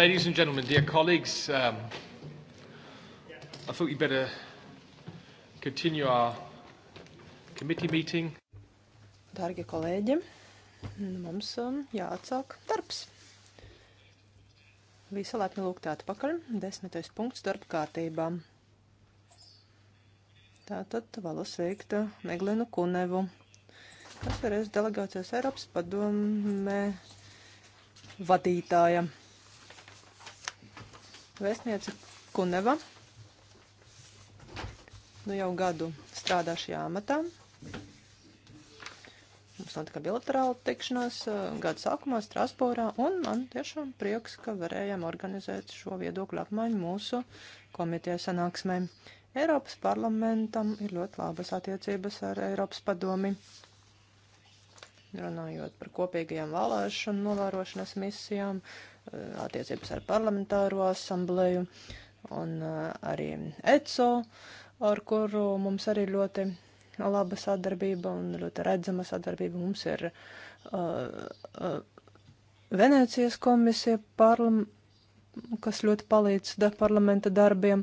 Ladies and gentlemen, dear colleagues, um, I thought you'd better continue our committee meeting. Dārgie kolēģi, nu, mums um, jāatsāk darbs. Visi laipni lūgt atpakaļ. Desmitais punkts darba kārtībā. Tātad vēlos sveikt Meglenu uh, Kunevu. Katreiz delegācijas Eiropas padomē vadītājam. Vēstniece Kuneva nu jau gadu strādā šajā amatā. Mums notika bilaterāla tikšanās eh, gada sākumā Strasbūrā, un man tiešām prieks, ka varējām organizēt šo viedokļu apmaiņu mūsu komitejas sanāksmēm. Eiropas parlamentam ir ļoti labas attiecības ar Eiropas padomi. Runājot par kopīgajām vēlēšanu novērošanas misijām, uh, Eh, attiecības ar parlamentāro asambleju un eh, arī ECO, ar kuru mums arī ļoti laba sadarbība un ļoti redzama sadarbība. Mums ir uh, eh, uh, Venēcijas komisija, parlam, kas ļoti palīdz da parlamenta darbiem.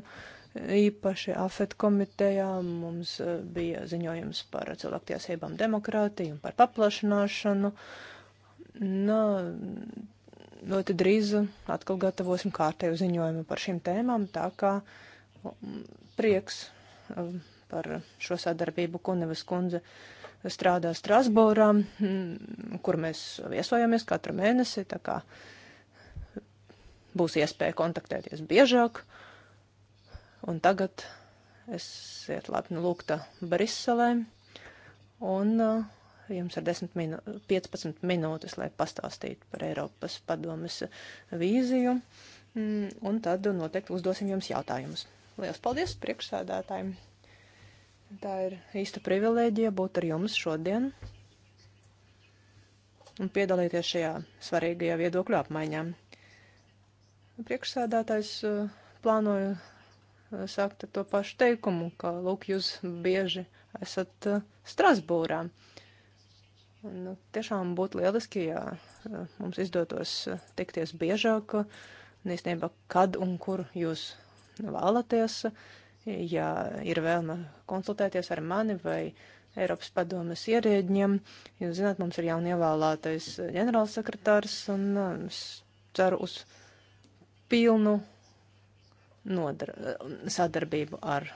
Īpaši AFET komitejā mums bija ziņojums par cilvēktiesībām demokrātiju un par paplašināšanu. Na, ļoti drīz atkal gatavosim kārtēju ziņojumu par šīm tēmām, tā kā um, prieks um, par šo sadarbību Kunevas kundze strādā Strasbūrā, mm, kur mēs viesojamies katru mēnesi, tā kā būs iespēja kontaktēties biežāk. Un tagad es iet lepni lūgta Briselē un uh, Jums ir minu 15 minūtes, lai pastāstītu par Eiropas padomes vīziju, mm, un tad noteikti uzdosim jums jautājumus. Lielas paldies priekšsēdētājiem! Tā ir īsta privilēģija būt ar jums šodien un piedalīties šajā svarīgajā viedokļu apmaiņā. Priekšsēdētājs eh, plānoja eh, sākt ar to pašu teikumu, ka, lūk, jūs bieži esat eh, Strasbūrā. Uh, Nu, tiešām būtu lieliski, ja eh, mums izdotos eh, tikties biežāk, un īstenībā, kad un kur jūs vēlaties, ja ir vēlme konsultēties ar mani vai Eiropas padomas ierēģiem. Jūs zināt, mums ir jaunievēlētais ģenerālsekretārs, un eh, es ceru uz pilnu nodar sadarbību ar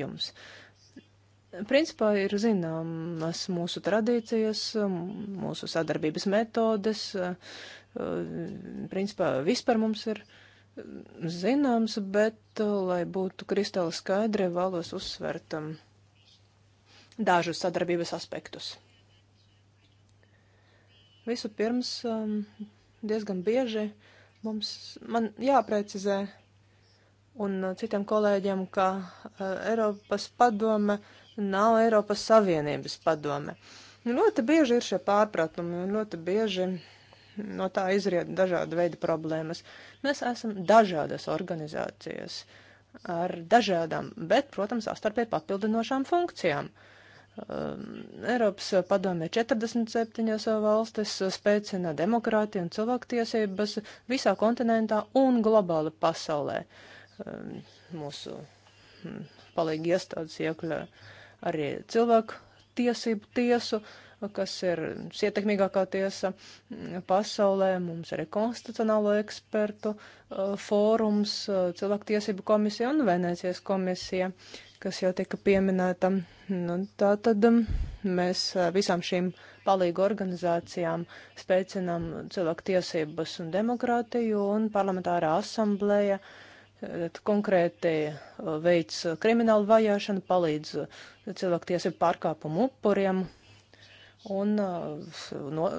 jums. Principā ir zināmas mūsu tradīcijas, mūsu sadarbības metodes, e, principā vispār mums ir zināms, bet, e, lai būtu kristāli skaidri, vēlos uzsvert dažus sadarbības aspektus. Visu pirms diezgan bieži mums man jāprecizē un citiem kolēģiem, ka e, Eiropas padome uh, nav Eiropas Savienības padome. Ļoti bieži ir šie pārpratumi un ļoti bieži no tā izriet dažāda veida problēmas. Mēs esam dažādas organizācijas ar dažādām, bet, protams, astarpēji papildinošām funkcijām. Um, Eiropas padomē 47 valstis spēcina demokrātiju un cilvēktiesības visā kontinentā un globāli pasaulē. Um, mūsu mm, palīgi iestādes iekļauj arī cilvēku tiesību tiesu, kas ir ietekmīgākā tiesa pasaulē. Mums ir arī konstitucionālo ekspertu uh, fórums, uh, cilvēku tiesību komisija un Venēcijas komisija, kas jau tika pieminēta. Nu, tā tad um, mēs uh, visām šīm palīgu organizācijām spēcinām cilvēku tiesības un demokrātiju un parlamentārā asamblēja. Uh, konkrēti uh, veids uh, kriminālu vajāšanu, palīdz uh, cilvēktiesību pārkāpumu upuriem un no,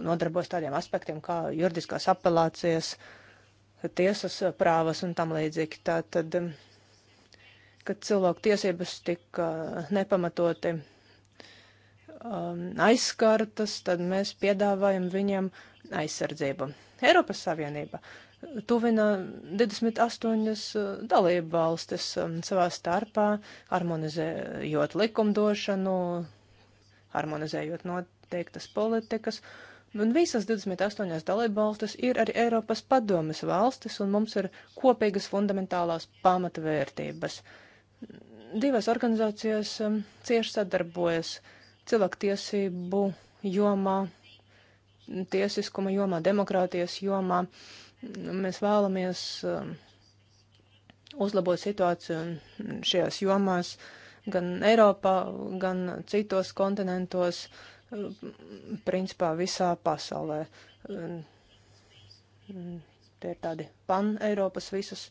nodarbojas tādiem aspektiem kā juridiskās apelācijas, tiesas prāvas un tam līdzīgi. Tātad, um, kad cilvēku tiesības tika nepamatoti um, aizskartas, tad mēs piedāvājam viņiem aizsardzību. Eiropas Savienība uh, tuvina 28 dalību valstis savā starpā, harmonizējot likumdošanu, harmonizējot noteiktas politikas. Un visas 28 dalību valstis ir arī Eiropas padomes valstis, un mums ir kopīgas fundamentālās pamatvērtības. Divas organizācijas eh, cieši sadarbojas cilvēktiesību jomā, tiesiskuma jomā, demokrātijas jomā. Uh, Mēs vēlamies um, uzlabot situāciju šajās jomās gan Eiropā, gan citos kontinentos, um, principā visā pasaulē. Um, tie ir tādi pan-Eiropas visas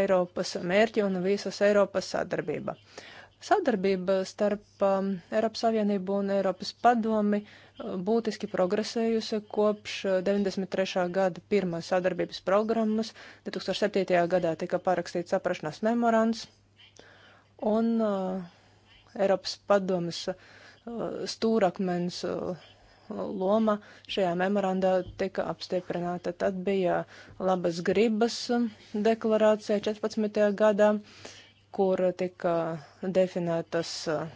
Eiropas mērķi un visas Eiropas sadarbība. Sadarbība starp um, Eiropas Savienību un Eiropas padomi uh, būtiski progresējusi kopš 93. gada pirmās sadarbības programmas. 2007. gadā tika parakstīts saprašanās memorands un uh, Eiropas padomas uh, stūrakmens uh, loma šajā memorandā tika apstiprināta. Tad bija labas gribas deklarācija 14. gadā, kur tika definētas uh,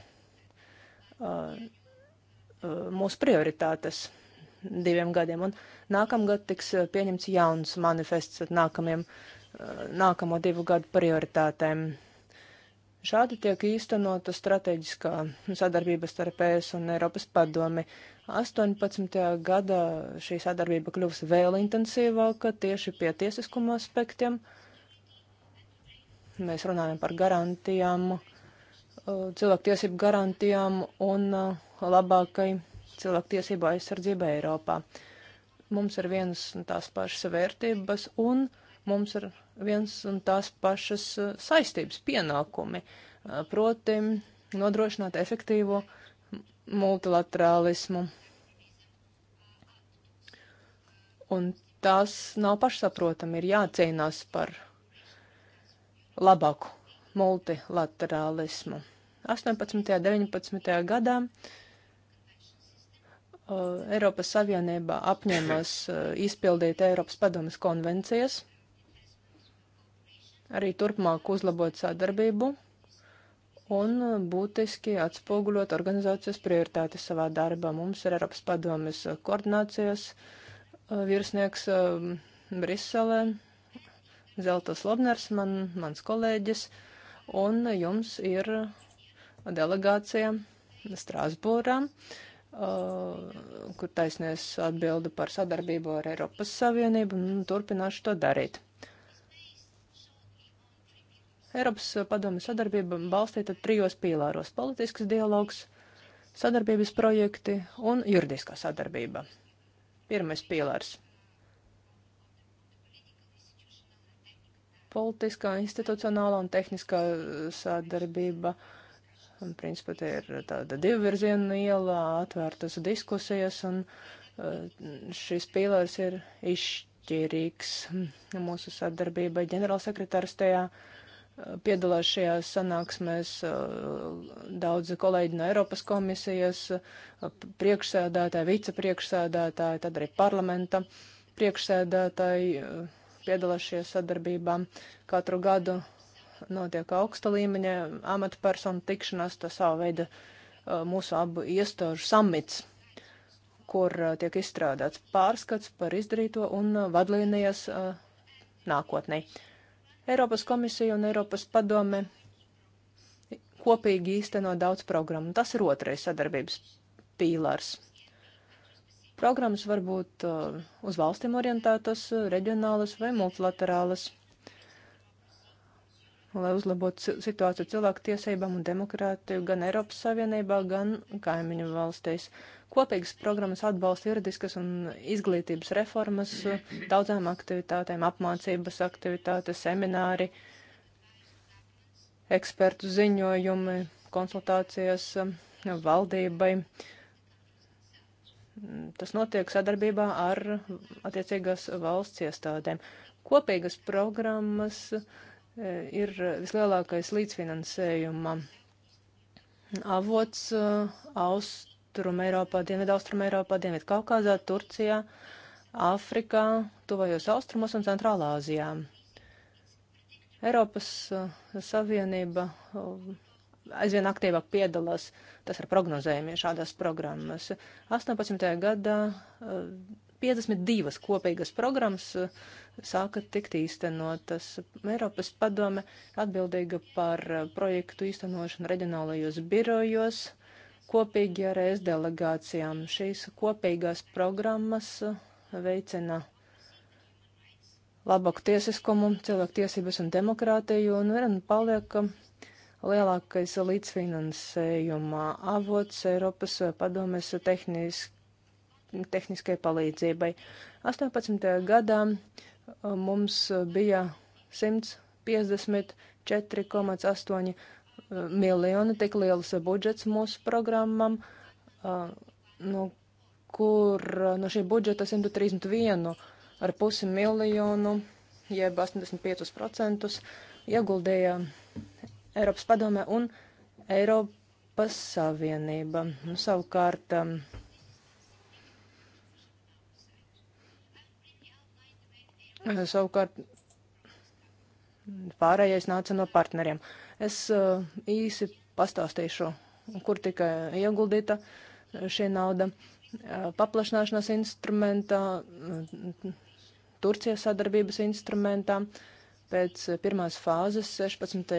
uh Uh, mūsu prioritātes diviem gadiem. Un nākamgad tiks uh, pieņemts jauns manifests ar nākamiem, uh, nākamo divu gadu prioritātēm. Šādi tiek īstenota strateģiskā sadarbība starp ES un Eiropas padomi. 18. gadā šī sadarbība kļūs vēl intensīvāka tieši pie tiesiskuma aspektiem. Mēs runājam par garantijām, cilvēktiesību garantijām un uh, labākai cilvēktiesību aizsardzībai Eiropā. Mums ir vienas un tās pašas vērtības un mums ir viens un tās pašas eh, saistības pienākumi, eh, proti nodrošināt efektīvo multilaterālismu. Un tās nav pašsaprotami, ir jācīnās par labāku multilaterālismu. 18. un 19. gadā Eh, Eiropas Savienībā apņēmās eh, izpildīt Eiropas padomas konvencijas, arī turpmāk uzlabot sadarbību un eh, būtiski atspoguļot organizācijas prioritātes savā darbā. Mums ir Eiropas padomas koordinācijas virsnieks Briselē, Zeltas Lobners, man, mans kolēģis, un jums ir delegācija Strāsbūrā. Uh, Uh, kur taisnies atbildi par sadarbību ar Eiropas Savienību, un turpināšu to darīt. Eiropas padomju sadarbība balstīta trijos pīlāros - politisks dialogs, sadarbības projekti un juridiskā sadarbība. Pirmais pīlārs - politiskā, institucionālā un tehniskā sadarbība. Uh, Un, principā, te ir tāda divvirziena ielā, atvērtas diskusijas, un eh, šis pīlārs ir izšķirīgs mūsu sadarbībai. Ģenerālsekretārs tajā eh, piedalās šajā sanāksmēs eh, daudzi kolēģi no Eiropas komisijas, priekšsēdētāji, vicepriekšsēdētāji, tad arī parlamenta priekšsēdētāji piedalās šajā sadarbībā katru gadu notiek augsta līmeņa amatpersonu tikšanās, tas savu veidu mūsu abu iestāžu samits, kur tiek izstrādāts pārskats par izdarīto un vadlīnijas nākotnē. Eiropas komisija un Eiropas padome kopīgi īsteno daudz programmu. Tas ir otrais sadarbības pīlārs. Programmas var būt uz valstīm orientētas, reģionālas vai multilaterālas lai uzlabotu situāciju cilvēku tiesībām un demokrātiju gan Eiropas Savienībā, gan kaimiņu valstīs. Kopīgas programmas atbalsta juridiskas un izglītības reformas daudzām aktivitātēm, apmācības aktivitātes, semināri, ekspertu ziņojumi, konsultācijas valdībai. Tas notiek sadarbībā ar attiecīgās valsts iestādēm. Kopīgas programmas uh, Eh, ir vislielākais līdzfinansējuma avots eh, Austrum Eiropā, Dienvidu Austrum Eiropā, Dienvidu Kaukāzā, Turcijā, Āfrikā, Tuvajos Austrumos un Centrālā Āzijā. Eiropas eh, Savienība aizvien aktīvāk piedalās, tas ir prognozējumi šādās programmas. 18. gadā 52 kopīgas programmas eh, sāka tikt īstenotas. Eiropas padome atbildīga par eh, projektu īstenošanu reģionālajos birojos kopīgi ar ES delegācijām. Šīs kopīgās programmas eh, veicina labāku tiesiskumu, cilvēku tiesības un demokrātiju, un vien paliek lielākais līdzfinansējuma avots Eiropas padomes tehniski tehniskai palīdzībai. 18. gadā uh, mums bija 154,8 uh, miljoni, tik liels budžets mūsu programmam, uh, no kur no šī budžeta 131 ar pusi miljonu, jeb 85% ieguldīja Eiropas padome un Eiropas Savienība. Nu, savukārt um, Savukārt pārējais nāca no partneriem. Es uh, īsi pastāstīšu, kur tika ieguldīta uh, šī nauda. Uh, paplašināšanās instrumentā, Turcijas sadarbības instrumentā, pēc pirmās fāzes 16.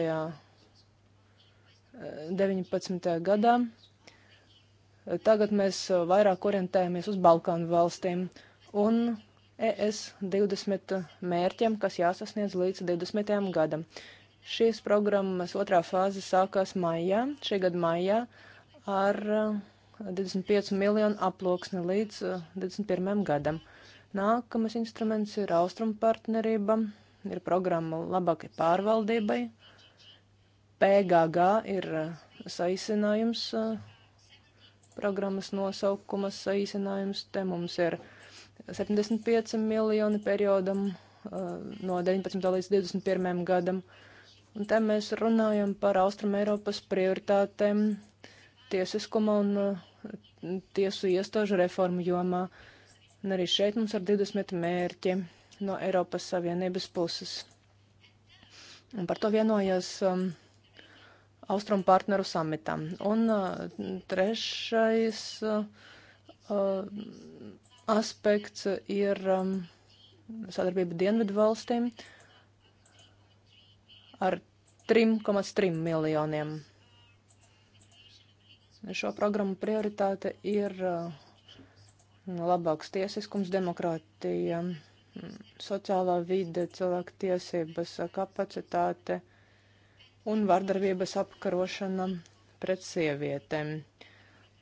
19. gadā. Tagad mēs vairāk orientējamies uz Balkānu valstīm un E ES 20 mērķiem, kas jāsasniedz līdz 20. gadam. Šīs programmas otrā fāze sākās maijā, šī gada maijā, ar 25 uh, miljonu aploksni līdz 21. Uh, gadam. Nākamais instruments ir austrumu partnerība, ir programma labākai pārvaldībai. PGG ir uh, saīsinājums, programmas nosaukuma saīsinājums. Te mums ir 75 miljoni periodam eh, no 19. līdz 21. gadam. Un te mēs runājam par Austrum Eiropas prioritātēm tiesiskuma un eh, tiesu iestāžu reformu jomā. Un arī šeit mums ir 20 mērķi no Eiropas Savienības puses. Un par to vienojās um, Austrum partneru samitā. Un uh, trešais. Uh, uh aspekts ir um, sadarbība dienvidu valstīm ar 3,3 miljoniem. Šo programmu prioritāte ir uh, labāks tiesiskums, demokrātija, sociālā vide, cilvēku tiesības, kapacitāte un vardarbības apkarošana pret sievietēm.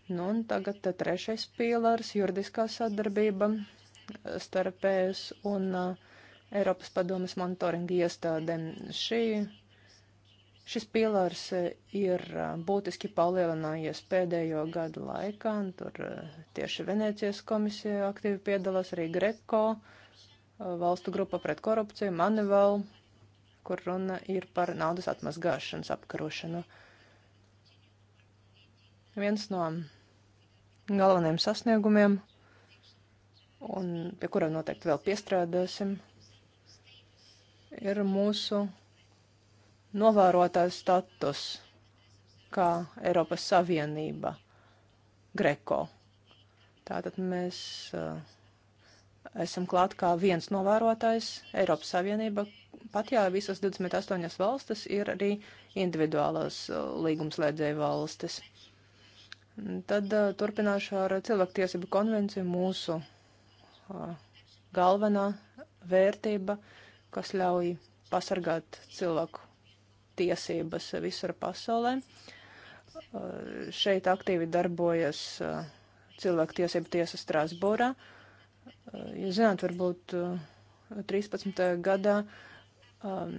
Nu, un tagad eh, trešais pīlārs - juridiskā sadarbība eh, starp ES un uh, Eiropas padomas monitoringa iestādēm. Šī, šis pīlārs ir uh, būtiski palielinājies pēdējo gadu laikā, un tur uh, tieši Venēcijas komisija aktīvi piedalās arī Greko, valstu grupa pret korupciju, Manival, kur runa ir par naudas atmazgāšanas apkarošanu. Viens no galvenajiem sasniegumiem, un pie kuriem noteikti vēl piestrādāsim, ir mūsu novērotājs status kā Eiropas Savienība, Greko. Tātad mēs uh, esam klāt kā viens novērotājs Eiropas Savienība, pat jā, visas 28 valstis ir arī individuālās uh, eh, līgumslēdzēja valstis. Tad uh, turpināšu ar cilvēktiesību konvenciju mūsu uh, galvenā vērtība, kas ļauj pasargāt cilvēku tiesības visur pasaulē. Uh, šeit aktīvi darbojas uh, cilvēktiesību tiesa Strasbūrā. Uh, jūs zināt, varbūt uh, 13. gadā um,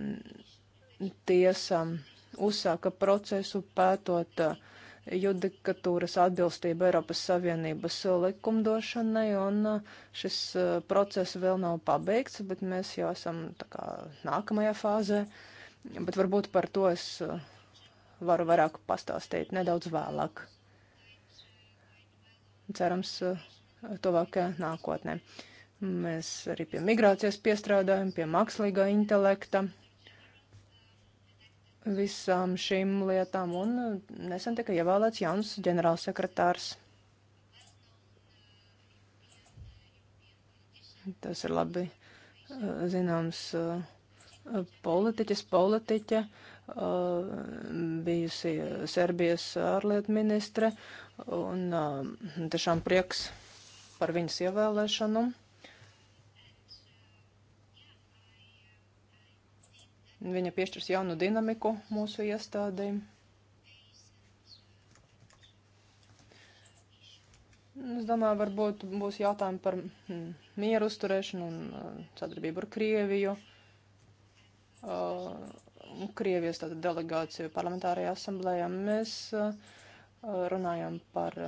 tiesa uzsāka procesu pētot uh, judikatūras atbilstību Eiropas Savienības likumdošanai, un uh, šis uh, process vēl nav pabeigts, bet mēs jau esam kā, nākamajā fāzē. Bet varbūt par to es uh, varu vairāk pastāstīt nedaudz vēlāk. Cerams, tuvākajā nākotnē. Mēs arī pie migrācijas piestrādājam, pie mākslīgā intelekta visām šīm lietām, un eh, nesen tika ievēlēts jauns ģenerālsekretārs. Tas ir labi eh, zināms eh, politiķis, politiķa, bijusi Serbijas ārlietu ministre, un tiešām prieks par viņas ievēlēšanu. Viņa piešķirs jaunu dinamiku mūsu iestādēm. Es domāju, varbūt būs jautājumi par mm, mieru uzturēšanu un eh, sadarbību ar Krieviju. Eh, Krievijas tātad delegāciju parlamentārajā asamblējā mēs eh, runājam par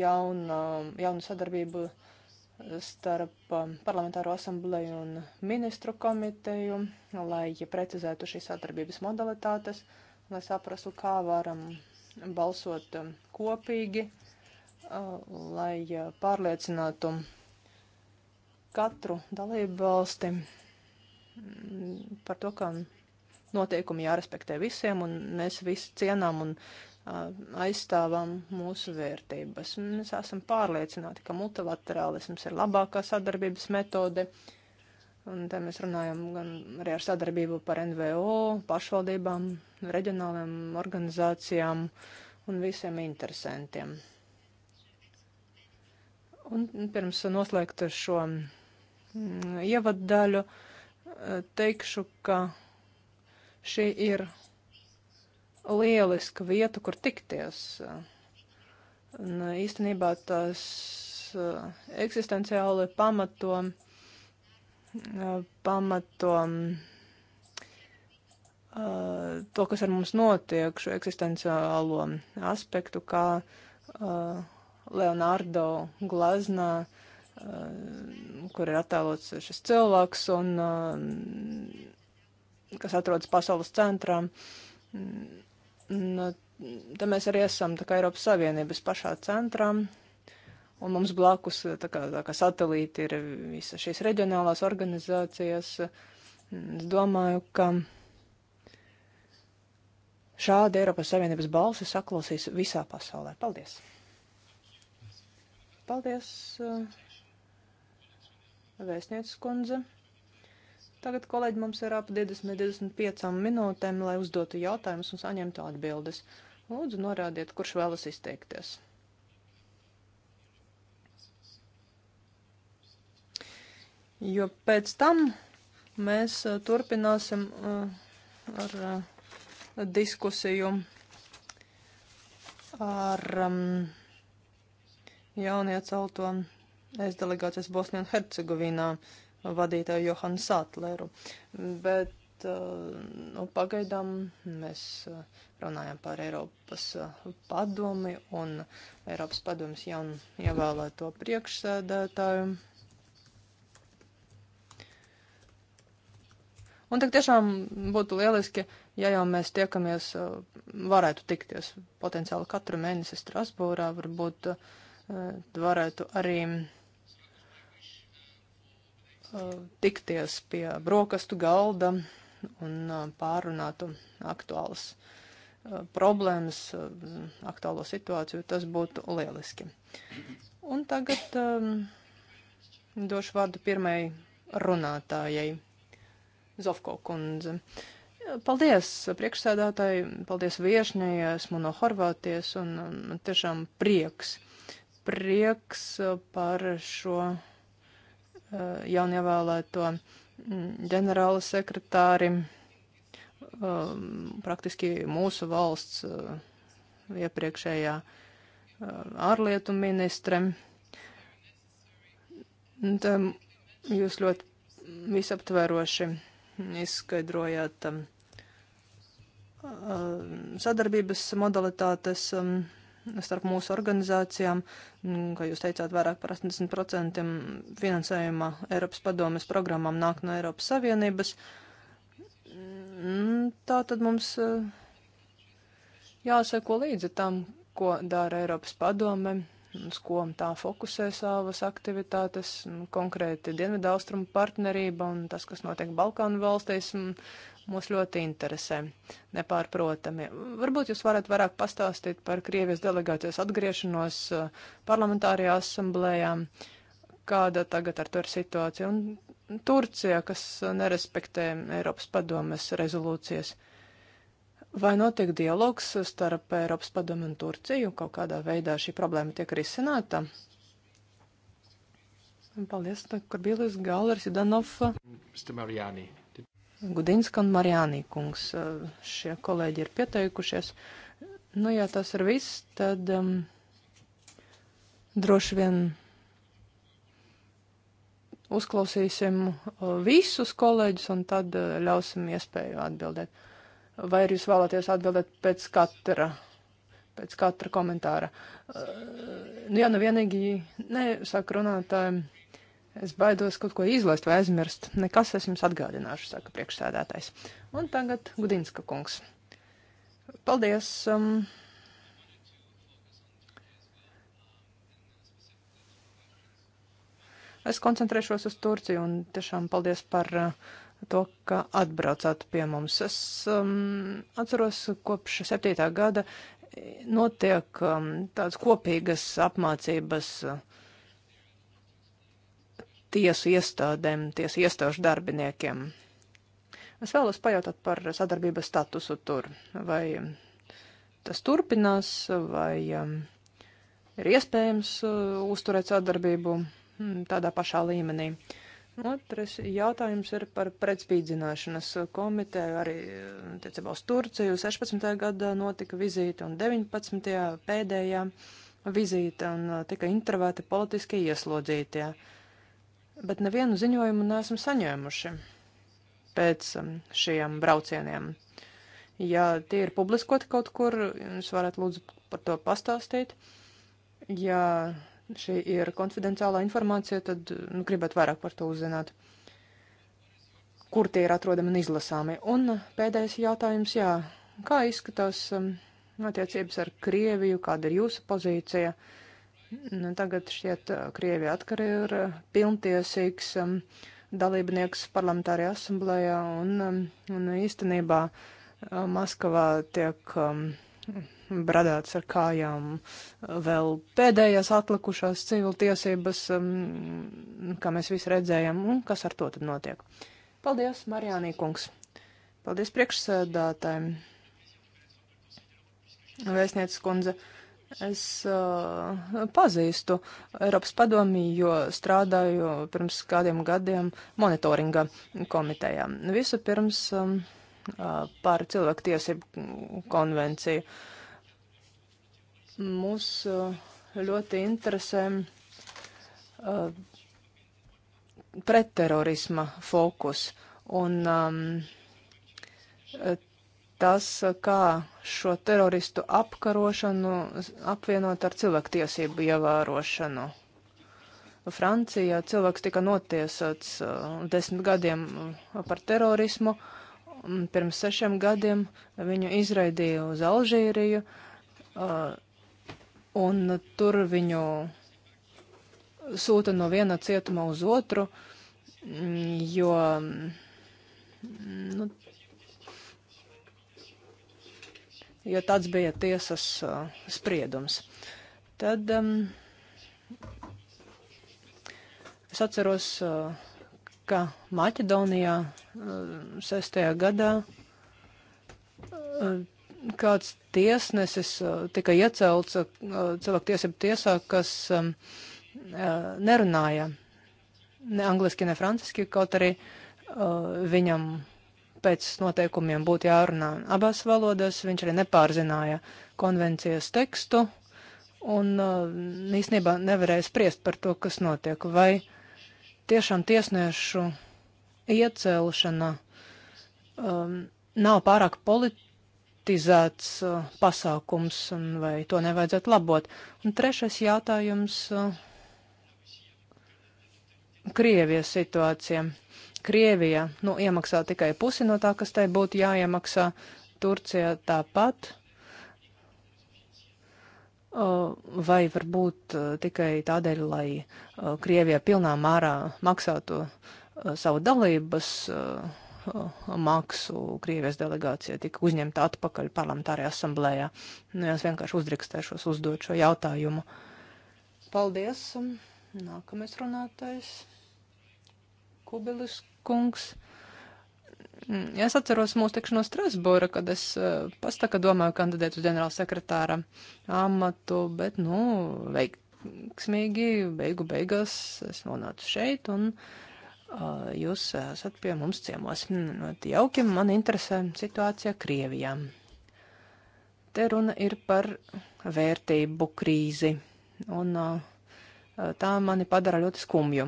jaunu, jaunu sadarbību starp um, parlamentāro asambleju un ministru komiteju, lai precizētu šīs sadarbības modalitātes, lai saprastu, kā varam balsot um, kopīgi, uh, lai uh, pārliecinātu katru dalību valsti mm, par to, ka noteikumi jārespektē visiem, un mēs visi cienām un aizstāvam mūsu vērtības. Mēs esam pārliecināti, ka multilaterālisms ir labākā sadarbības metode. Un te mēs runājam gan arī ar sadarbību par NVO, pašvaldībām, reģionāliem organizācijām un visiem interesantiem. Un pirms noslēgtu šo mm, ievaddaļu, teikšu, ka šī ir lieliska vieta, kur tikties. Un eh, īstenībā tas eh, eksistenciāli pamato, eh, pamato to, kas ar mums notiek, šo eksistenciālo aspektu, kā Leonardo glaznā, kur ir attēlots šis cilvēks un kas atrodas pasaules centrā. Mm, Nu, te mēs arī esam tā kā Eiropas Savienības pašā centrā. Un mums blakus tā kā, tā kā satelīti ir visa šīs reģionālās organizācijas. Es domāju, ka šāda Eiropas Savienības balsi saklausīs visā pasaulē. Paldies! Paldies, uh, vēstniec kundze! Tagad, kolēģi, mums ir ap 20-25 minūtēm, lai uzdotu jautājumus un saņemtu atbildes. Lūdzu, norādiet, kurš vēlas izteikties. Jo pēc tam mēs eh, turpināsim eh, ar eh, diskusiju ar mm, jauniecelto es delegācijas Bosnijā un Hercegovīnā vadītāju Johanu Satleru. Bet eh, nu, pagaidām mēs eh, runājam par Eiropas eh, padomi un Eiropas padomas jaunu ievēlēto priekšsēdētāju. Un tik tiešām būtu lieliski, ja jau mēs tiekamies, varētu tikties potenciāli katru mēnesi Strasbūrā, varbūt varētu arī tikties pie brokastu galda un uh, pārunātu aktuālas uh, problēmas, uh, aktuālo situāciju. Tas būtu lieliski. Un tagad um, došu vārdu pirmai runātājai, Zofko kundze. Paldies priekšsēdātāji, paldies viešņai, esmu no Horvātijas un um, tiešām prieks. Prieks par šo Eh, jaunievēlēto mm, ģenerāla sekretāri, um, praktiski mūsu valsts eh, iepriekšējā eh, ārlietu ministre. Jūs ļoti visaptveroši izskaidrojāt sadarbības modalitātes. Um, starp mūsu organizācijām. Kā jūs teicāt, vairāk par 80% finansējuma Eiropas padomes programmām nāk no Eiropas Savienības. Mm, tā tad mums eh, jāseko līdzi tam, ko dara Eiropas padome uz ko tā fokusē savas aktivitātes, konkrēti Dienvidaustrumu partnerība un tas, kas notiek Balkānu valstīs, mūs ļoti interesē, nepārprotami. Varbūt jūs varat vairāk pastāstīt par Krievijas delegācijas atgriešanos e, parlamentārajā asamblējā, kāda tagad ar to ir situācija, un Turcija, kas nerespektē Eiropas padomes rezolūcijas. Vai notiek dialogs starp Eiropas padomu un Turciju? Kaut kādā veidā šī problēma tiek risināta? Paldies, kur bija Līs Gālers, Danova. Gudinska un Marjānī kungs. Šie kolēģi ir pieteikušies. Nu, ja tas ir viss, tad um, droši vien uzklausīsim uh, visus kolēģus un tad uh, ļausim iespēju atbildēt vai arī jūs vēlaties atbildēt pēc katra, pēc katra komentāra? Uh, nu, jā, nu vienīgi, nē, saka runātājiem, es baidos kaut ko izlaist vai aizmirst. Nekas es jums atgādināšu, saka priekšsēdētājs. Un tagad Gudinska kungs. Paldies! Um, Es koncentrēšos uz Turciju un tiešām paldies par uh, to, ka atbraucāt pie mums. Es um, atceros, kopš septītā gada notiek um, tādas kopīgas apmācības uh, tiesu iestādēm, tiesu iestāžu darbiniekiem. Es vēlos pajautāt par sadarbības statusu tur. Vai tas turpinās, vai um, ir iespējams uh, uzturēt sadarbību mm, tādā pašā līmenī? Uh, Otrs jautājums ir par pretspīdzināšanas komiteju. Arī, mm, teicībā, uz Turciju 16. gadā notika vizīte un 19. pēdējā vizīte un uh, tika intervēti politiski ieslodzītie. Bet nevienu ziņojumu neesam saņēmuši pēc um, šiem braucieniem. Ja tie ir publiskoti kaut kur, jūs varat lūdzu par to pastāstīt. Ja šī ir konfidenciālā informācija, tad nu, gribat vairāk par to uzzināt, kur tie ir atrodami un izlasāmi. Un pēdējais jautājums, jā, kā izskatās um, attiecības ar Krieviju, kāda ir jūsu pozīcija? Nu, tagad šķiet, uh, Krievija atkar ir uh, pilntiesīgs um, dalībnieks parlamentārajā asamblējā un, um, un īstenībā um, Maskavā tiek. Um, bradāts ar kājām uh, vēl pēdējās atlikušās civiltiesības, um, kā mēs visi redzējam, un kas ar to tad notiek. Paldies, Marijānī kungs! Paldies priekšsēdātājiem! Vēstniece kundze, es uh, pazīstu Eiropas padomī, jo strādāju pirms kādiem gadiem monitoringa komitejā. Visu pirms um, uh, par cilvēku tiesību konvenciju. Uh, Mūs eh, ļoti interesē uh, pretterorisma fokus un um, tas, kā šo teroristu apkarošanu apvienot ar cilvēktiesību ievērošanu. Francijā cilvēks tika notiesāts uh, desmit gadiem par terorismu. Pirms sešiem gadiem viņu izraidīja uz Alžīriju. Uh, un tur viņu sūta no viena cietuma uz otru, mm, jo mm, nu, jo tāds bija tiesas uh, spriedums. Tad um, es atceros, uh, ka Maķedonijā uh, sestajā gadā uh, kāds tiesnesis tika iecelts cilvēktiesību tiesā, kas nerunāja ne angliski, ne franciski, kaut arī viņam pēc noteikumiem būtu jārunā abās valodās. Viņš arī nepārzināja konvencijas tekstu un īstenībā nevarēja spriest par to, kas notiek. Vai tiešām tiesnešu iecelšana um, nav pārāk politiska? politizēts pasākums un vai to nevajadzētu labot. Un trešais jautājums - Krievijas situācija. Krievija nu, iemaksā tikai pusi no tā, kas tai būtu jāiemaksā. Turcija tāpat. Vai varbūt tikai tādēļ, lai Krievija pilnā mārā maksātu savu dalības uh, maksu Krievijas delegācija tika uzņemta atpakaļ parlamentārajā asamblējā. Nu, es vienkārši uzdrīkstēšos uzdot šo jautājumu. Paldies! Nākamais runātājs - Kubilis kungs. Es atceros mūsu tikšanos Strasbūra, kad es pastaka domāju kandidēt uz ģenerāla sekretāra amatu, bet, nu, veiksmīgi beigu beigās es nonācu šeit un uh, jūs esat pie mums ciemos. Ļoti nu, jauki man interesē situācija Krievijā. Te runa ir par vērtību krīzi, un tā mani padara ļoti skumju.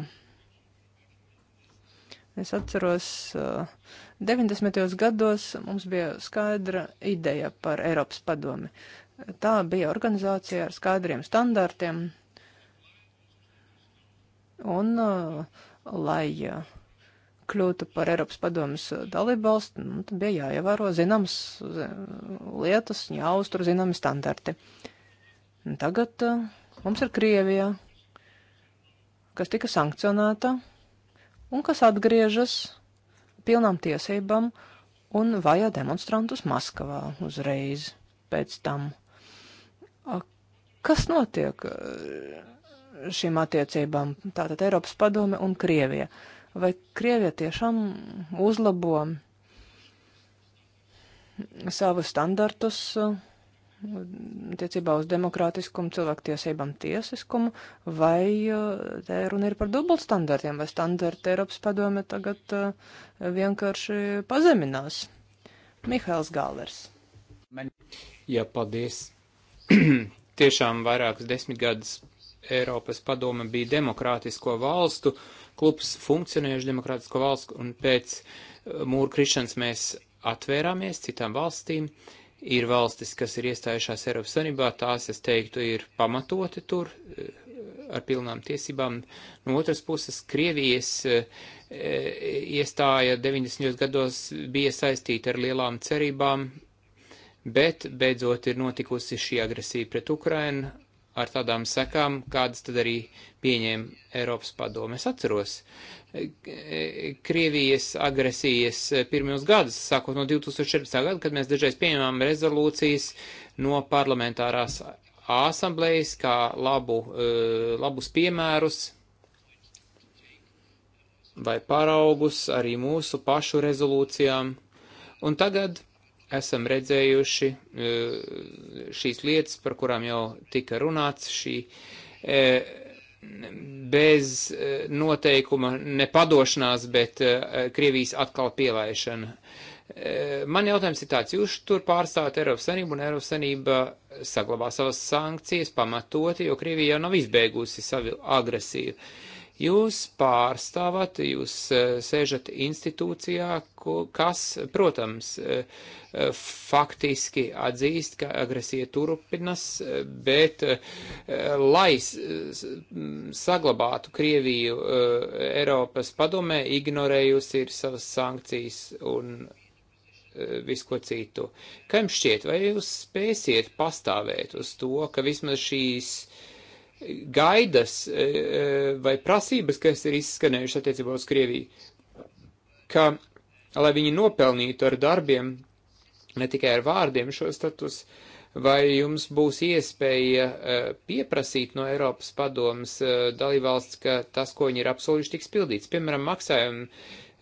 Es atceros, 90. gados mums bija skaidra ideja par Eiropas padomi. Tā bija organizācija ar skaidriem standartiem, un uh, lai kļūtu par Eiropas padomus dalībvalstu, nu, tad bija jāievēro zināmas lietas, jāuztur zināmi standarti. Un tagad eh, mums ir Krievija, kas tika sankcionēta un kas atgriežas pilnām tiesībām un vajā demonstrantus Maskavā uzreiz pēc tam. Kas notiek? šīm attiecībām, tātad Eiropas padome un Krievija. Vai Krievija tiešām uzlabo savus standartus attiecībā uh, uz demokrātiskumu, cilvēktiesībām, tiesiskumu, vai uh, te runa ir par dubultstandartiem, vai standarti Eiropas padome tagad uh, vienkārši pazeminās? Mihails Gālers. Man... Jā, paldies. Tiešām vairākus desmit gadus Eiropas padome bija demokrātisko valstu klubs, funkcionējuši demokrātisko valstu, un pēc uh, mūru krišanas mēs atvērāmies citām valstīm. Ir valstis, kas ir iestājušās Eiropas Savienībā, tās, es teiktu, ir pamatoti tur uh, ar pilnām tiesībām. No otras puses, Krievijas e, iestāja 90. gados bija saistīta ar lielām cerībām, bet beidzot ir notikusi šī agresija pret Ukrainu, ar tādām sekām, kādas tad arī pieņēma Eiropas padome. Es atceros e, e, Krievijas agresijas pirmos gadus, sākot no 2014. gada, kad mēs dažreiz pieņēmām rezolūcijas no parlamentārās asamblejas kā labu, e, labus piemērus vai paraugus arī mūsu pašu rezolūcijām. Un tagad esam redzējuši e, šīs lietas, par kurām jau tika runāts, šī e, bez e, noteikuma nepadošanās, bet Krievijas atkal pielaišana. Man jautājums ir tāds, jūs tur pārstāvat Eiropas Sanību un Eiropas Sanība saglabā savas sankcijas pamatoti, jo Krievija jau nav izbēgusi savu agresiju. Uh, Jūs pārstāvat, jūs e, sēžat institūcijā, kas, protams, e, e, faktiski atzīst, ka agresija turpinas, bet lai saglabātu Krieviju Eiropas padomē, ignorējusi ir savas sankcijas un visko citu. Kā jums šķiet, vai jūs spēsiet pastāvēt uz to, ka vismaz šīs uh, gaidas e, e, vai prasības, kas ir izskanējušas attiecībā uz Krieviju, ka, lai viņi nopelnītu ar darbiem, ne tikai ar vārdiem šo status, vai jums būs iespēja e, pieprasīt no Eiropas padomas dalībvalsts, ka tas, ko viņi ir apsolījuši, tiks pildīts, piemēram, maksājumu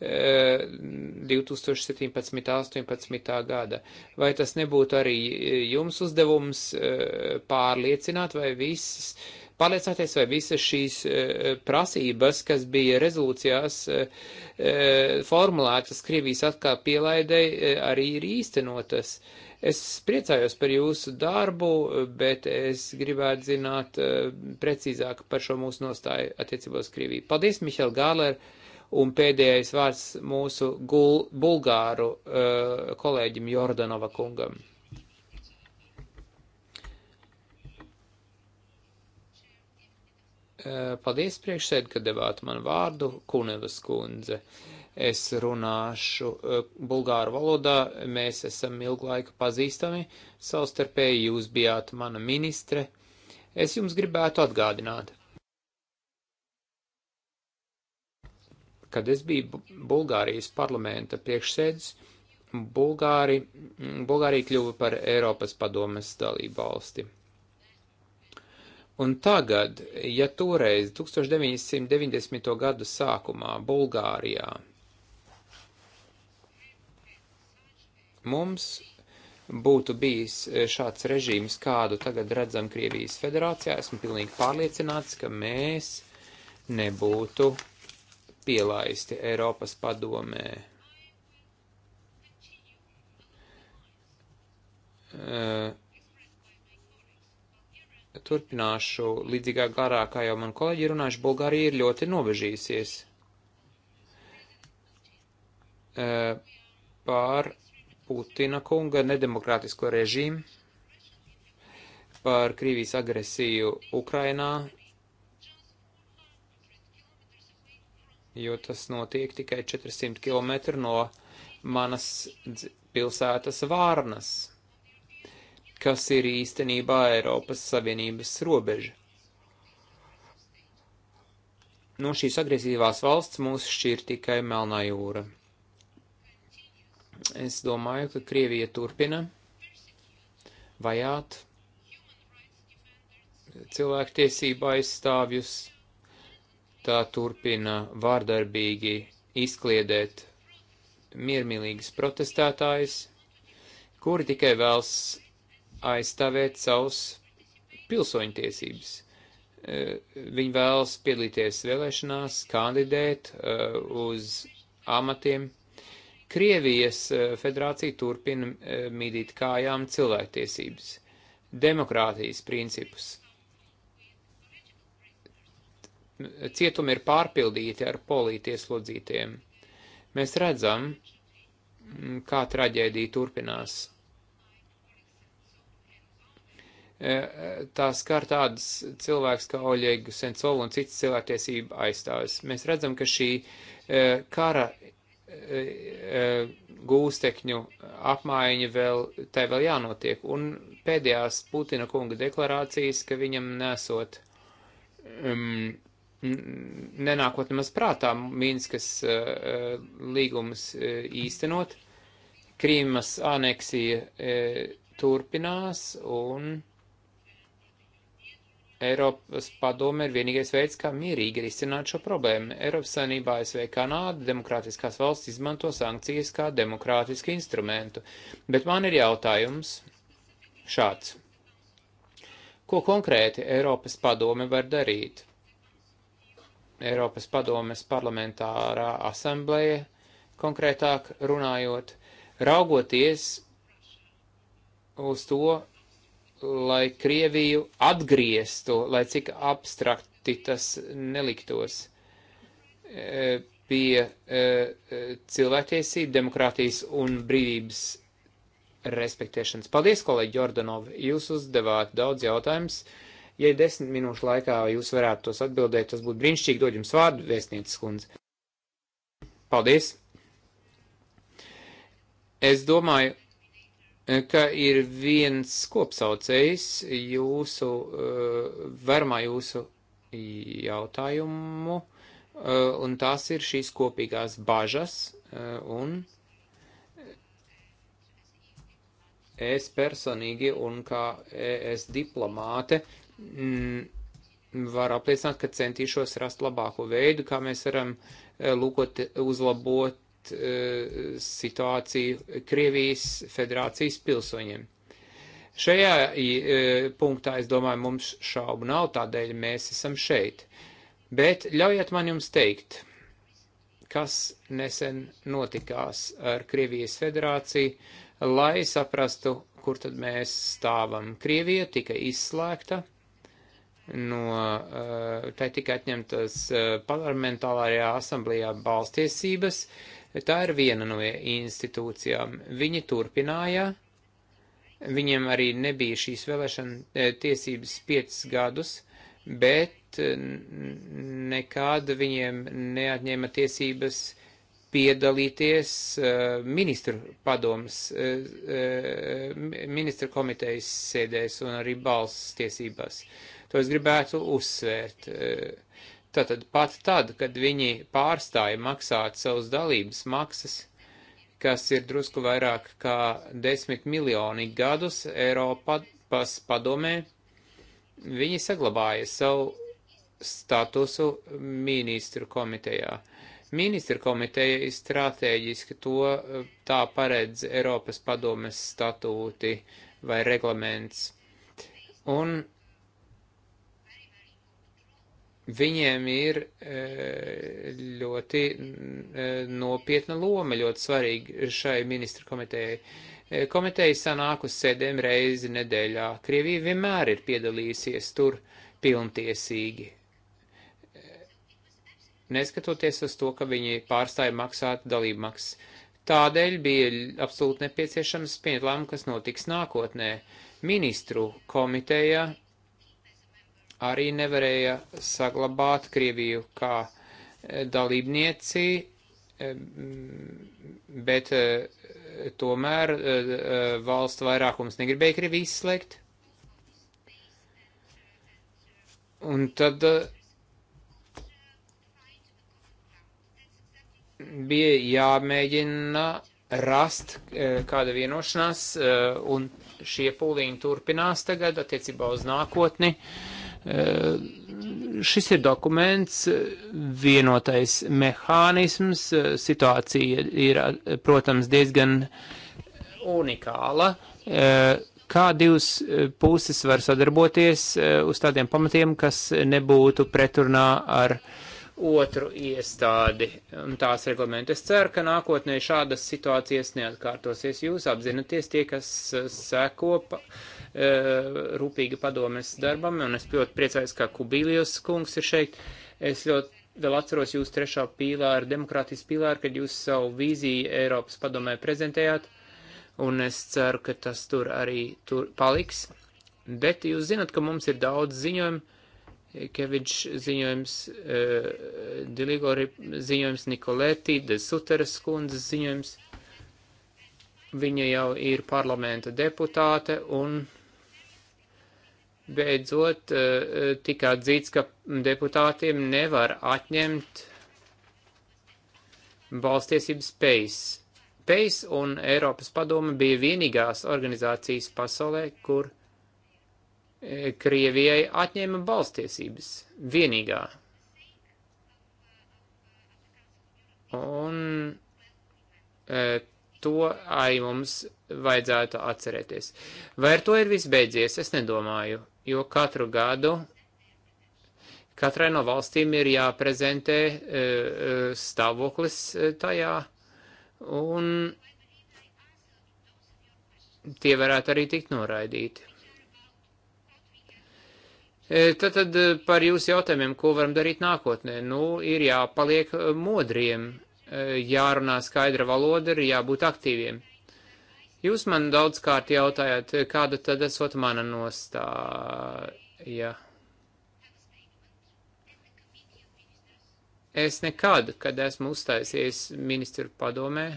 2017. 18. gada. Vai tas nebūtu arī jums uzdevums pārliecināt, vai visas pārliecināties, vai visas šīs e, prasības, kas bija rezolūcijās e, e, formulētas Krievijas atkal pielaidei, arī ir īstenotas. Es priecājos par jūsu darbu, bet es gribētu zināt precīzāk par šo mūsu nostāju attiecībos Krieviju. Paldies, Mihail Gāler! Un pēdējais vārds mūsu gul, bulgāru uh, kolēģim Jordanova kungam. Eh, paldies priekšsēd, ka devāt man vārdu, Kunevas kundze. Es runāšu eh, bulgāru valodā, mēs esam ilgu laiku pazīstami, savstarpēji jūs bijāt mana ministre. Es jums gribētu atgādināt. Kad es biju Bulgārijas parlamenta priekšsēdus, Bulgāri, Bulgārija kļuva par Eiropas padomes dalību valsti. Un tagad, ja toreiz 1990. gadu sākumā Bulgārijā mums būtu bijis šāds režīms, kādu tagad redzam Krievijas federācijā, esmu pilnīgi pārliecināts, ka mēs nebūtu pielaisti Eiropas padomē. Uh, turpināšu līdzīgā garā, kā jau man kolēģi runājuši, Bulgārija ir ļoti nobežījusies e, pār Putina kunga nedemokrātisko režīmu, par Krievijas agresiju Ukrainā, jo tas notiek tikai 400 km no manas pilsētas Vārnas kas ir īstenībā Eiropas Savienības robeža. No nu, šīs agresīvās valsts mūs šķir tikai Melnā jūra. Es domāju, ka Krievija turpina vajāt cilvēktiesību aizstāvjus, tā turpina vārdarbīgi izkliedēt miermīlīgas protestētājas, kuri tikai vēlas aizstāvēt savus pilsoņu tiesības. E, viņi vēlas piedalīties vēlēšanās, kandidēt e, uz amatiem. Krievijas e, federācija turpina mīdīt kājām cilvēktiesības, demokrātijas principus. Cietumi ir pārpildīti ar polītieslodzītiem. Mēs redzam, kā traģēdija turpinās. E, e, tā skar tādas cilvēks kā Oļegu Sencolu un citas cilvēktiesība aizstāvis. Mēs redzam, ka šī e, kara gūstekņu apmaiņa vēl, tai vēl jānotiek. Un pēdējās Putina kunga deklarācijas, ka viņam nesot um, nenākot nemaz prātā Mīnskas uh, līgumas uh, īstenot, Krīmas aneksija uh, turpinās un Eiropas padome ir vienīgais veids, kā mierīgi risināt šo problēmu. Eiropas saimnībā ASV Kanāda demokrātiskās valsts izmanto sankcijas kā demokrātisku instrumentu. Bet man ir jautājums šāds. Ko konkrēti Eiropas padome var darīt? Eiropas padomes parlamentārā asambleja, konkrētāk runājot, raugoties uz to, lai Krieviju atgrieztu, lai cik abstrakti tas neliktos e, pie e, e, cilvēktiesību, demokrātijas un brīvības respektēšanas. Paldies, kolēģi Jordanov, jūs uzdevāt daudz jautājumus. Ja desmit minūšu laikā jūs varētu tos atbildēt, tas būtu brīnišķīgi. Dod jums vārdu, vēstniecis kundze. Paldies! Es domāju, ka ir viens kopsaucējs jūsu, eh, vermā jūsu jautājumu, eh, un tās ir šīs kopīgās bažas, eh, un es personīgi un kā es diplomāte mm, varu apliecināt, ka centīšos rast labāko veidu, kā mēs varam lūkot uzlabot E, situāciju Krievijas federācijas pilsoņiem. Šajā e, punktā, es domāju, mums šaubu nav, tādēļ mēs esam šeit. Bet ļaujiet man jums teikt, kas nesen notikās ar Krievijas federāciju, lai saprastu, kur tad mēs stāvam. Krievija tika izslēgta no, e, tai tika atņemtas parlamentārajā asamblējā balstiesības, uh, Tā ir viena no institūcijām. Viņi turpināja, viņiem arī nebija šīs vēlēšana eh, tiesības piecas gadus, bet eh, nekāda viņiem neatņēma tiesības piedalīties eh, ministru padomas, ministru komitejas sēdēs un arī balss tiesībās. To es gribētu uzsvērt. Uh, Tātad pat tad, kad viņi pārstāja maksāt savus dalības maksas, kas ir drusku vairāk kā 10 miljoni gadus Eiropas padomē, viņi saglabāja savu statusu ministru komitejā. Ministru komiteja ir strateģiski to tā paredz Eiropas padomes statūti vai reglaments. Un viņiem ir e, ļoti e, nopietna loma, ļoti svarīga šai ministra komitejai. E, komiteja sanāk uz sēdēm reizi nedēļā. Krievija vienmēr ir piedalījusies tur pilntiesīgi. Neskatoties uz to, ka viņi pārstāja maksāt dalībmaksas. Tādēļ bija absolūti nepieciešams pieņemt lēmumu, kas notiks nākotnē. Ministru komiteja arī nevarēja saglabāt Krieviju kā e, dalībnieci, e, bet e, tomēr valstu vairākums negribēja Krieviju izslēgt. Un tad bija jāmēģina rast kāda vienošanās, un šie pūliņi turpinās tagad attiecībā uz nākotni. Uh, Eh, šis ir dokuments, vienotais mehānisms, eh, situācija ir, eh, protams, diezgan unikāla, kā divas puses var sadarboties uz tādiem pamatiem, kas nebūtu pretrunā ar uh, otru iestādi un tās reglamentu. Es ceru, ka nākotnē šādas situācijas neatkārtosies. Jūs apzināties tie, kas eh, seko pa, e, rūpīgi padomes darbam, un es ļoti priecājos, ka Kubīlijos kungs ir šeit. Es ļoti vēl atceros jūs trešā pīlāra, demokrātijas pīlāra, kad jūs savu vīziju Eiropas padomē prezentējāt, un es ceru, ka tas tur arī tur paliks. Bet jūs zinat, ka mums ir daudz ziņojumu Kevičs ziņojums, eh, Diligori ziņojums, Nikolētī, De Suteres kundzes ziņojums. Viņa jau ir parlamenta deputāte un beidzot eh, tika atzīts, ka deputātiem nevar atņemt balstiesības spējas. PACE un Eiropas padome bija vienīgās organizācijas pasaulē, kur Krievijai atņēma balstiesības vienīgā. Un e, to arī mums vajadzētu atcerēties. Vai ar to ir viss beidzies? Es nedomāju, jo katru gadu katrai no valstīm ir jāprezentē e, e, stāvoklis tajā, un tie varētu arī tikt noraidīti. E, tad, tad e, par jūsu jautājumiem, ko varam darīt nākotnē? Nu, ir jāpaliek e, modriem, jārunā skaidra valoda, ir jābūt aktīviem. Jūs man daudzkārt jautājat, kāda tad esot mana nostāja. Es nekad, kad esmu uzstājusies ministru padomē,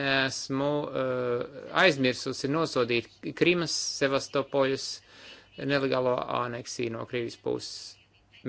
nesmu eh, aizmirsusi nosodīt Krimas Sevastopoļus nelegālo aneksiju no Krievijas puses.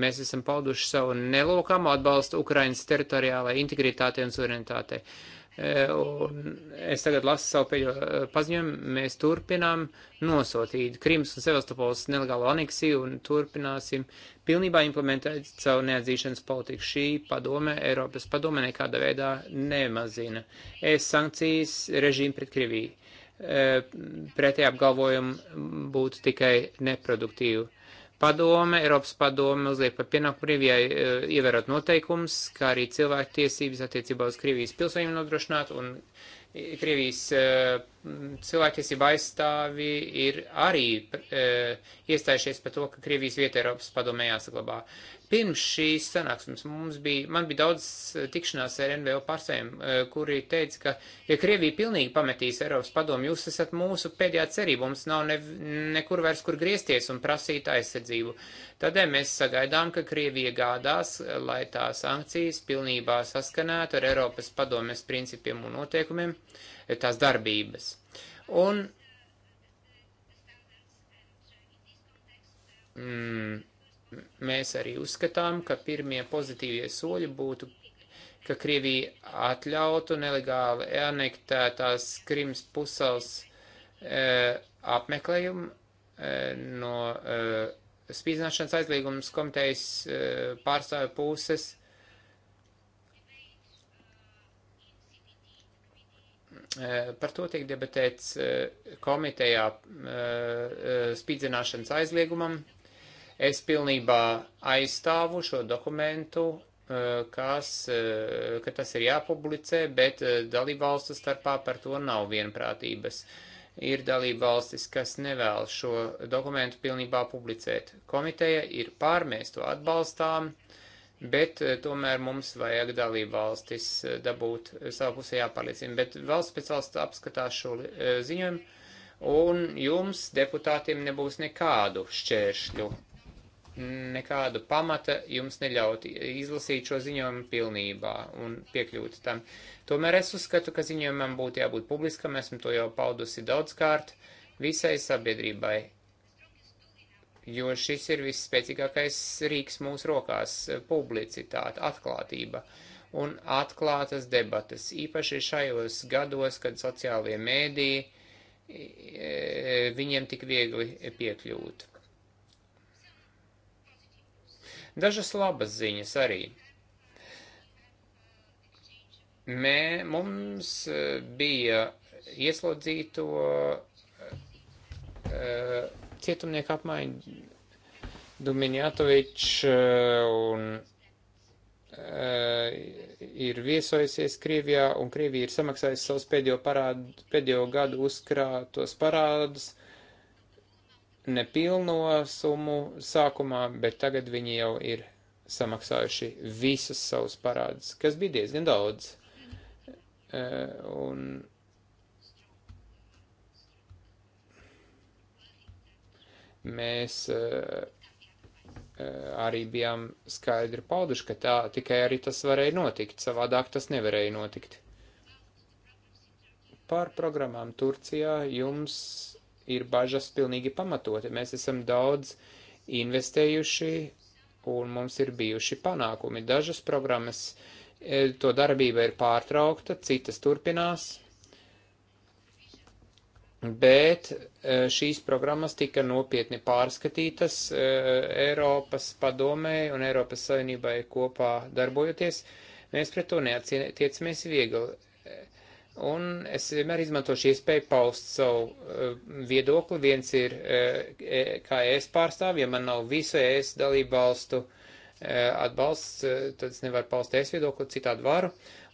Mēs esam pauduši savu nelokamo atbalstu Ukrainas teritoriālajai integritātei un suverenitātei. Uh, Eh, un es tagad lasu savu pēdējo eh, paziņojumu. Mēs turpinām nosūtīt Krimas un Sevastopols nelegālo aneksiju un turpināsim pilnībā implementēt savu neatzīšanas politiku. Šī padome, Eiropas padome, nekāda veidā nemazina. Es sankcijas režīmu pret Krieviju. Eh, pretēji apgalvojumu būtu tikai neproduktīvi Padome, Eiropas padome uzliek par pienākumu Krievijai e, ievērot noteikums, kā arī cilvēku tiesības attiecībā uz Krievijas pilsoņiem nodrošināt un Krievijas eh, Mm, cilvēktiesība aizstāvi ir arī e, iestājušies par to, ka Krievijas vieta Eiropas padomē jāsaglabā. Pirms šīs sanāksmes mums bija, man bija daudz e, tikšanās ar NVO pārstāvjiem, e, kuri teica, ka, ja Krievija pilnīgi pametīs Eiropas padomu, jūs esat mūsu pēdējā cerība, mums nav ne, nekur vairs kur griezties un prasīt aizsardzību. Tādēļ mēs sagaidām, ka Krievija gādās, lai tā sankcijas pilnībā saskanētu ar Eiropas padomes principiem un noteikumiem tās darbības. Un mm, mēs arī uzskatām, ka pirmie pozitīvie soļi būtu, ka Krievija atļautu nelegāli anektētās Krimas pusels e, apmeklējumu e, no e, spīdzināšanas aizliegums komitejas e, pārstāvju puses Eh, par to tiek debatēts eh, komitejā eh, spīdzināšanas aizliegumam. Es pilnībā aizstāvu šo dokumentu, kas, ka tas ir jāpublicē, bet dalībvalstu starpā par to nav vienprātības. Ir dalībvalstis, kas nevēl šo dokumentu pilnībā publicēt. Komiteja ir pār, mēs to atbalstām. Uh, bet eh, tomēr mums vajag dalību valstis eh, dabūt eh, savu pusē jāpārliecina. Bet valsts pēc valsts apskatās šo ziņojumu, un jums, deputātiem, nebūs nekādu šķēršļu, nekādu pamata jums neļaut izlasīt šo ziņojumu pilnībā un piekļūt tam. Tomēr es uzskatu, ka ziņojumam būtu jābūt publiskam, esmu to jau paudusi daudzkārt visai sabiedrībai jo šis ir visspēcīgākais rīks mūsu rokās - publicitāte, atklātība un atklātas debatas, īpaši šajos gados, kad sociālie mēdīji e, viņiem tik viegli piekļūt. Dažas labas ziņas arī. Mē, mums e, bija ieslodzīto uh, cietumnieku apmaiņu Dumiņatovičs eh, un eh, ir viesojusies Krievijā, un Krievija ir samaksājusi savus pēdējo, parādu, pēdējo gadu uzkrātos parādus, nepilno summu sākumā, bet tagad viņi jau ir samaksājuši visus savus parādus, kas bija diezgan daudz. Eh, un Mēs eh, eh, arī bijām skaidri pauduši, ka tā tikai arī tas varēja notikt, savādāk tas nevarēja notikt. Par programmām Turcijā jums ir bažas pilnīgi pamatoti. Mēs esam daudz investējuši un mums ir bijuši panākumi. Dažas programmas eh, to darbība ir pārtraukta, citas turpinās bet e, šīs programmas tika nopietni pārskatītas e, Eiropas padomē un Eiropas Savienībai kopā darbojoties. Mēs pret to neatiecamies viegli. Un es vienmēr izmantošu iespēju paust savu e, viedokli. Viens ir, kā es pārstāvu, ja man nav visu es dalību valstu uh, E, atbalsts, e, tad es nevaru paust es viedokli, citādi varu.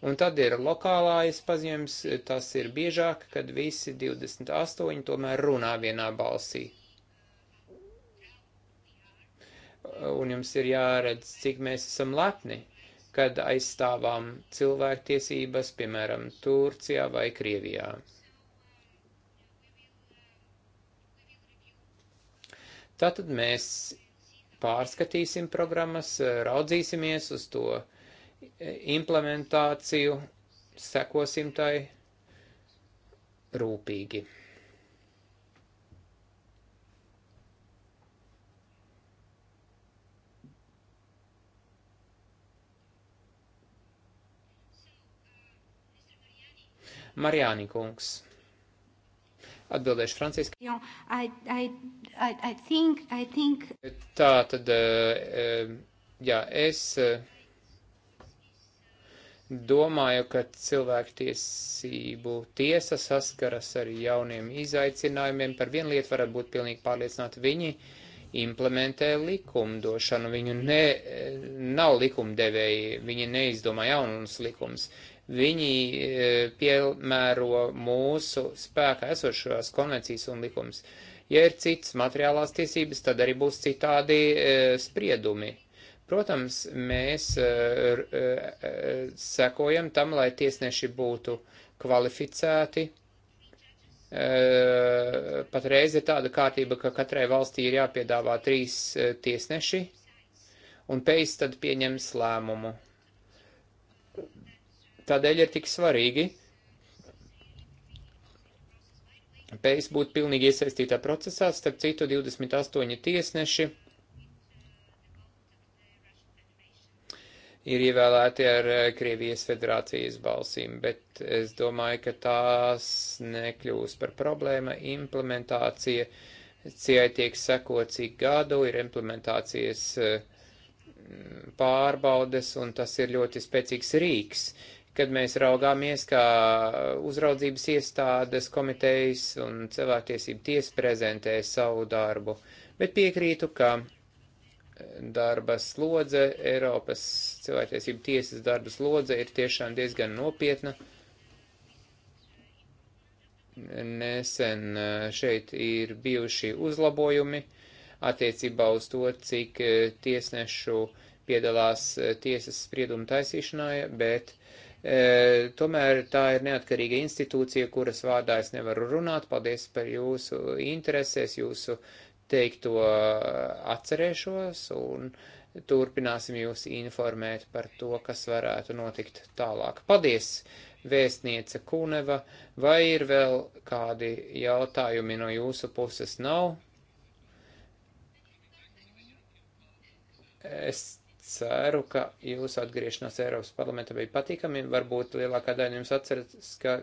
Un tad ir lokālais paziņojums, e, tas ir biežāk, kad visi 28 tomēr runā vienā balsī. Un jums ir jāredz, cik mēs esam lepni, kad aizstāvām cilvēktiesības, piemēram, Turcijā vai Krievijā. Tātad mēs pārskatīsim programmas, eh, raudzīsimies uz to eh, implementāciju, sekosim tai rūpīgi. Marijāni kungs. Atbildēšu franciski. I, I think, I think... Tā tad, eh, eh, jā, es eh, domāju, ka cilvēktiesību tiesa saskaras ar jauniem izaicinājumiem. Par vienu lietu varat būt pilnīgi pārliecināti, viņi implementē likumdošanu, viņu ne, nav likumdevēji, viņi neizdomā jaunus likumus. Viņi piemēro mūsu spēkā esošās konvencijas un likumus. Uh, Ja ir citas materiālās tiesības, tad arī būs citādi e, spriedumi. Protams, mēs e, e, e, sekojam tam, lai tiesneši būtu kvalificēti. E, Patreiz ir tāda kārtība, ka katrai valstī ir jāpiedāvā trīs e, tiesneši, un pēc tad pieņems lēmumu. Tādēļ ir tik svarīgi, uh, spējas būt pilnīgi iesaistītā procesā, starp citu 28 tiesneši ir ievēlēti ar eh, Krievijas federācijas balsīm, bet es domāju, ka tās nekļūs par problēma. Implementācija CI tiek sekot cik gadu, ir implementācijas eh, pārbaudes, un tas ir ļoti spēcīgs rīks. Uh, kad mēs raugāmies, kā uzraudzības iestādes komitejas un cilvēktiesību tiesa prezentē savu darbu, bet piekrītu, ka eh, darba slodze, Eiropas cilvēktiesību tiesas darba slodze ir tiešām diezgan nopietna. Nesen eh, šeit ir bijuši uzlabojumi attiecībā uz to, cik eh, tiesnešu piedalās tiesas sprieduma taisīšanā, bet uh, E, tomēr tā ir neatkarīga institūcija, kuras vārdā es nevaru runāt. Paldies par jūsu interesēs, jūsu teikto atcerēšos un turpināsim jūs informēt par to, kas varētu notikt tālāk. Paldies, vēstniece Kūneva, vai ir vēl kādi jautājumi no jūsu puses nav? Es ceru, ka jūsu atgriešanās Eiropas parlamenta bija patīkami. Varbūt lielākā daļa no jums atceras, ka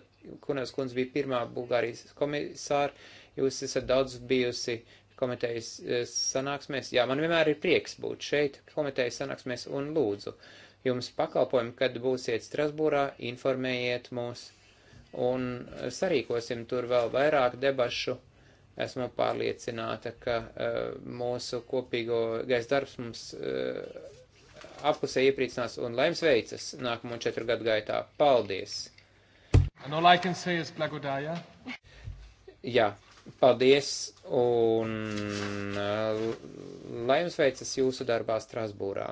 Kunevs kundze bija pirmā Bulgārijas komisāra. Jūs esat daudz bijusi komitejas eh, sanāksmēs. Jā, man vienmēr ir prieks būt šeit komitejas sanāksmēs un lūdzu jums pakalpojumu, kad būsiet Strasbūrā, informējiet mūs un sarīkosim tur vēl vairāk debašu esmu pārliecināta, ka uh, mūsu kopīgo gaisa darbs mums uh, apusē iepriecinās un laims veicas nākamo četru gadu gaitā. Paldies! And all I can say is blagodāja. Jā, paldies un uh, laims veicas jūsu darbā Strasbūrā.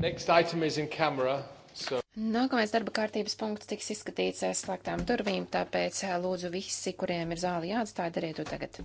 Next item is in camera. So... Nākamais darba kārtības punkts tiks izskatīts aizslēgtām uh, durvīm, tāpēc uh, lūdzu visi, kuriem ir zāli jāatstāj, dariet to tagad.